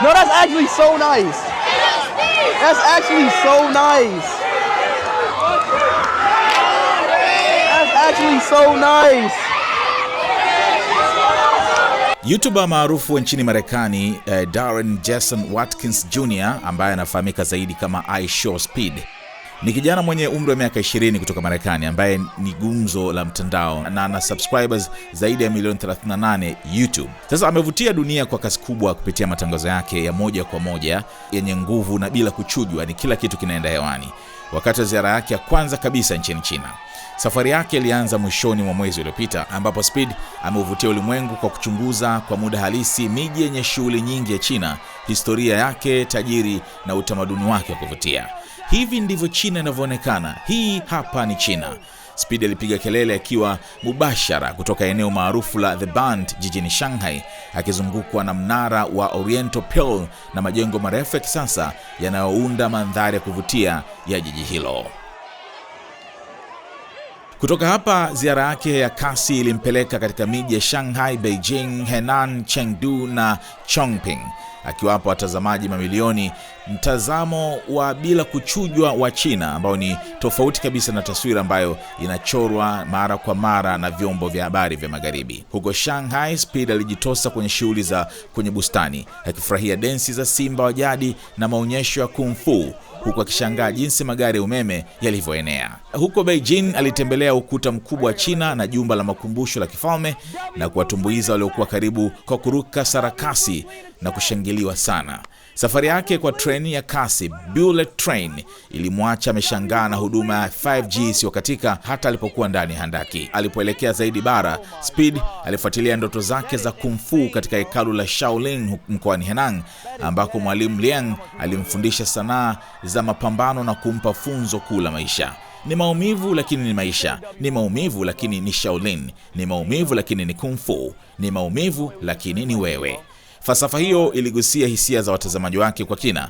No, that's actually so nice. That's actually so nice. That's actually so nice. YouTuber maarufu nchini Marekani eh, Darren Jason Watkins Jr ambaye anafahamika zaidi kama I Show Speed ni kijana mwenye umri wa miaka 20 kutoka Marekani ambaye ni gumzo la mtandao na ana subscribers zaidi ya milioni 38 YouTube. Sasa amevutia dunia kwa kasi kubwa kupitia matangazo yake ya moja kwa moja yenye nguvu na bila kuchujwa, ni kila kitu kinaenda hewani. Wakati wa ziara yake ya kwanza kabisa nchini China, safari yake ilianza mwishoni mwa mwezi uliopita, ambapo Speed ameuvutia ulimwengu kwa kuchunguza kwa muda halisi miji yenye shughuli nyingi ya China, historia yake tajiri na utamaduni wake wa kuvutia. Hivi ndivyo China inavyoonekana. Hii hapa ni China. spidi alipiga kelele akiwa mubashara kutoka eneo maarufu la The band jijini Shanghai, akizungukwa na mnara wa Oriental pel na majengo marefu ya kisasa yanayounda mandhari ya kuvutia ya jiji hilo. Kutoka hapa ziara yake ya kasi ilimpeleka katika miji ya Shanghai, Beijing, Henan, Chengdu na chongping akiwapa watazamaji mamilioni mtazamo wa bila kuchujwa wa China ambao ni tofauti kabisa na taswira ambayo inachorwa mara kwa mara na vyombo vya habari vya magharibi. Huko Shanghai, Speed alijitosa kwenye shughuli za kwenye bustani akifurahia densi za simba wa jadi na maonyesho ya kung fu huku akishangaa jinsi magari ya umeme yalivyoenea. Huko Beijing alitembelea ukuta mkubwa wa China na jumba la makumbusho la kifalme na kuwatumbuiza waliokuwa karibu kwa kuruka sarakasi na kushangiliwa sana. Safari yake kwa treni ya kasi bullet train ilimwacha ameshangaa na huduma ya 5G isiyokatika hata alipokuwa ndani ya handaki. Alipoelekea zaidi bara, Speed alifuatilia ndoto zake za kumfu katika hekalu la Shaolin mkoani Henan, ambako mwalimu Liang alimfundisha sanaa za mapambano na kumpa funzo kuu la maisha. Ni maumivu lakini ni maisha, ni maumivu lakini ni Shaolin, ni maumivu lakini ni kumfu, ni maumivu lakini ni wewe. Falsafa hiyo iligusia hisia za watazamaji wake kwa kina.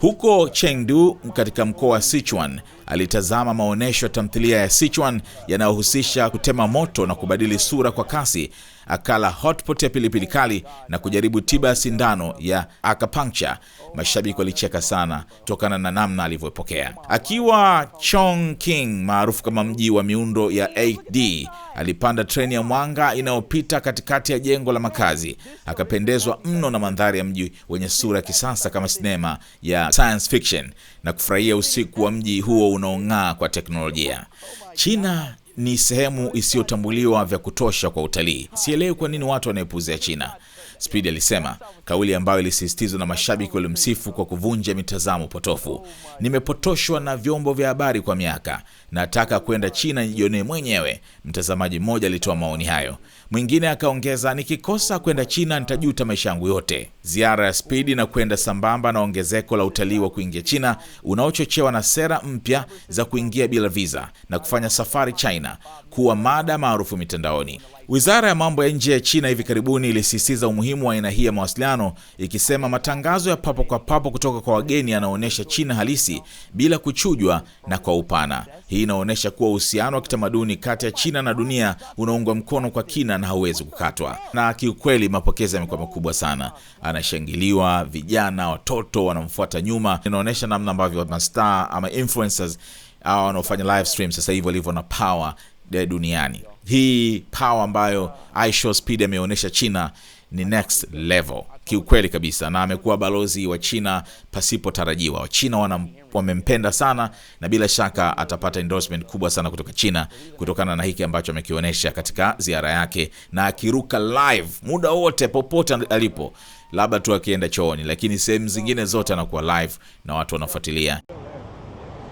Huko Chengdu katika mkoa wa Sichuan, alitazama maonyesho ya tamthilia ya Sichuan yanayohusisha kutema moto na kubadili sura kwa kasi akala hotpot ya pilipili kali na kujaribu tiba ya sindano ya akapancha Mashabiki walicheka sana kutokana na namna alivyopokea. Akiwa chong king maarufu kama mji wa miundo ya 8D, alipanda treni ya mwanga inayopita katikati ya jengo la makazi. Akapendezwa mno na mandhari ya mji wenye sura ya kisasa kama sinema ya science fiction na kufurahia usiku wa mji huo unaong'aa kwa teknolojia. China ni sehemu isiyotambuliwa vya kutosha kwa utalii. Sielewi kwa nini watu wanaepuzia China. Speed alisema, kauli ambayo ilisisitizwa na mashabiki walimsifu kwa kuvunja mitazamo potofu. Nimepotoshwa na vyombo vya habari kwa miaka, nataka kwenda China nijionee mwenyewe, mtazamaji mmoja alitoa maoni hayo. Mwingine akaongeza, nikikosa kwenda China nitajuta maisha yangu yote. Ziara ya Speed na kwenda sambamba na ongezeko la utalii wa kuingia China unaochochewa na sera mpya za kuingia bila visa na kufanya safari China kuwa mada maarufu mitandaoni. Wizara ya mambo ya nje ya China hivi karibuni ilisisitiza umuhimu wa aina hii ya mawasiliano ikisema matangazo ya papo kwa papo kutoka kwa wageni yanaonyesha China halisi bila kuchujwa na kwa upana. Hii inaonyesha kuwa uhusiano wa kitamaduni kati ya China na dunia unaungwa mkono kwa kina na hauwezi kukatwa. Na kiukweli mapokezi yamekuwa makubwa sana, anashangiliwa, vijana, watoto wanamfuata nyuma. Inaonyesha namna ambavyo mastaa ama influencers hao wanaofanya live stream sasa hivi walivyo na power eh, duniani hii power ambayo Ishow Speed ameonyesha China ni next level kiukweli kabisa, na amekuwa balozi wa China pasipotarajiwa. china wamempenda sana, na bila shaka atapata endorsement kubwa sana kutoka China kutokana na hiki ambacho amekionyesha katika ziara yake, na akiruka live muda wote popote alipo, labda tu akienda chooni, lakini sehemu zingine zote anakuwa live na watu wanafuatilia.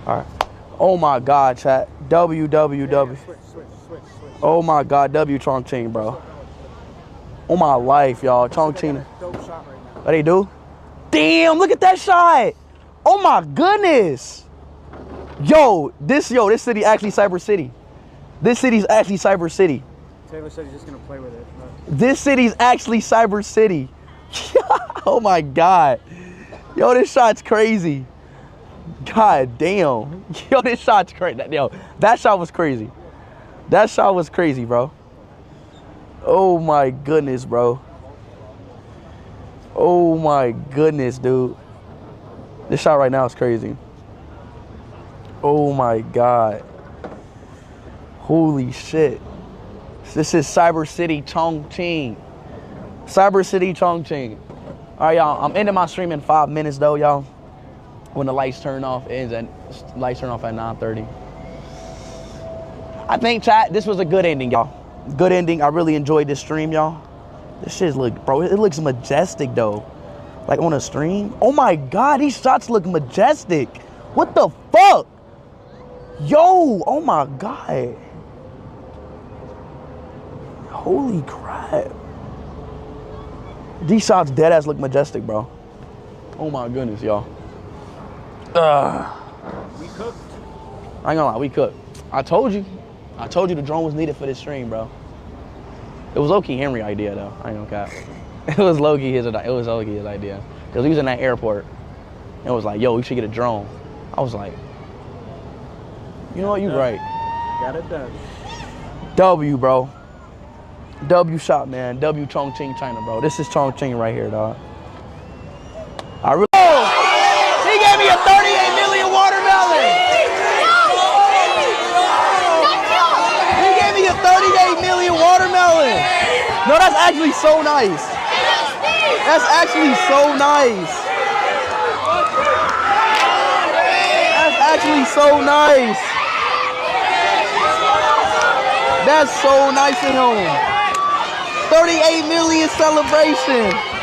right. Oh my God, chat. www Oh my God, W Chongqing, bro. Oh my life, y'all. Chongqing. What oh, they do? Damn, look at that shot. Oh my goodness. Yo, this yo, this city actually Cyber City. This city's actually Cyber City. Taylor said he's just gonna play with it. But... This city's actually Cyber City. oh my god. Yo, this shot's crazy. God damn. Yo, this shot's crazy. Yo, that shot was crazy. That shot was crazy, bro. Oh my goodness, bro. Oh my goodness, dude. This shot right now is crazy. Oh my God. Holy shit. This is Cyber City Chongqing. Cyber City Chongqing. All right, y'all. I'm ending my stream in five minutes, though, y'all. When the lights turn off, ends at lights turn off at 9:30. I think chat, this was a good ending, y'all. Good ending. I really enjoyed this stream, y'all. This shit look, bro, it looks majestic though. Like on a stream. Oh my god, these shots look majestic. What the fuck? Yo, oh my god. Holy crap. These shots dead ass look majestic, bro. Oh my goodness, y'all. Uh, we cooked. I ain't gonna lie, we cooked. I told you. I told you the drone was needed for this stream, bro. It was Loki Henry idea though. I ain't gonna cap. It was Loki his it was Loki his idea because he was in that airport and it was like, yo, we should get a drone. I was like, you know what, you right. Got it done. W, bro. W shop, man. W Chongqing, China, bro. This is Chongqing right here, dog. I really. That's actually so nice. That's actually so nice. That's actually so nice. That's so nice at home. 38 million celebration.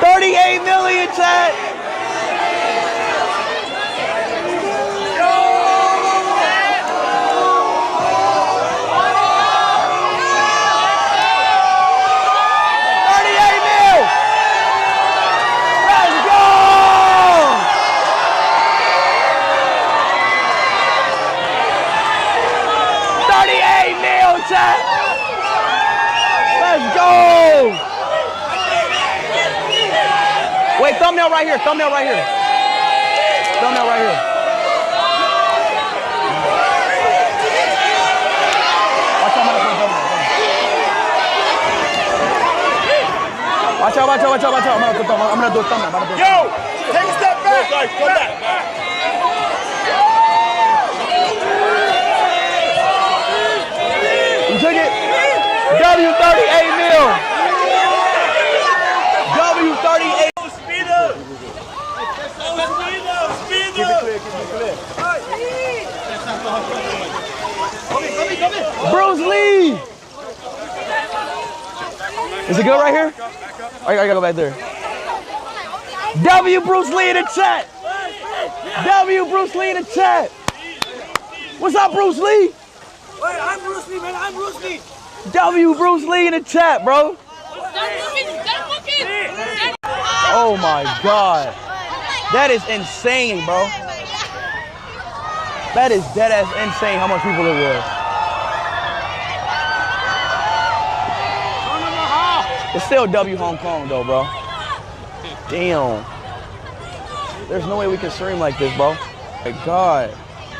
Thirty-eight million, chat. chat. Let's go. Wait, thumbnail right here. Thumbnail right here. Thumbnail right here. Watch out, watch out, watch out, watch out. I'm gonna do thumbnail. I'm gonna do thumbnail. Yo, take a step back. Go, go, go back. W38 mil. W38. Speed up. Speed up. Speed up. Keep it clear. Keep it clear. Come in, come in, come in. Bruce Lee. Is it good right here? All right, I gotta go back there. W Bruce Lee in the chat. W Bruce Lee in the chat. What's up, Bruce Lee? Wait, I'm Bruce Lee, man. I'm Bruce Lee. W Bruce Lee in the chat, bro. Oh my god. That is insane, bro. That is dead ass insane how much people it was. It's still W Hong Kong though, bro. Damn. There's no way we can stream like this, bro. My god.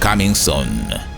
coming soon.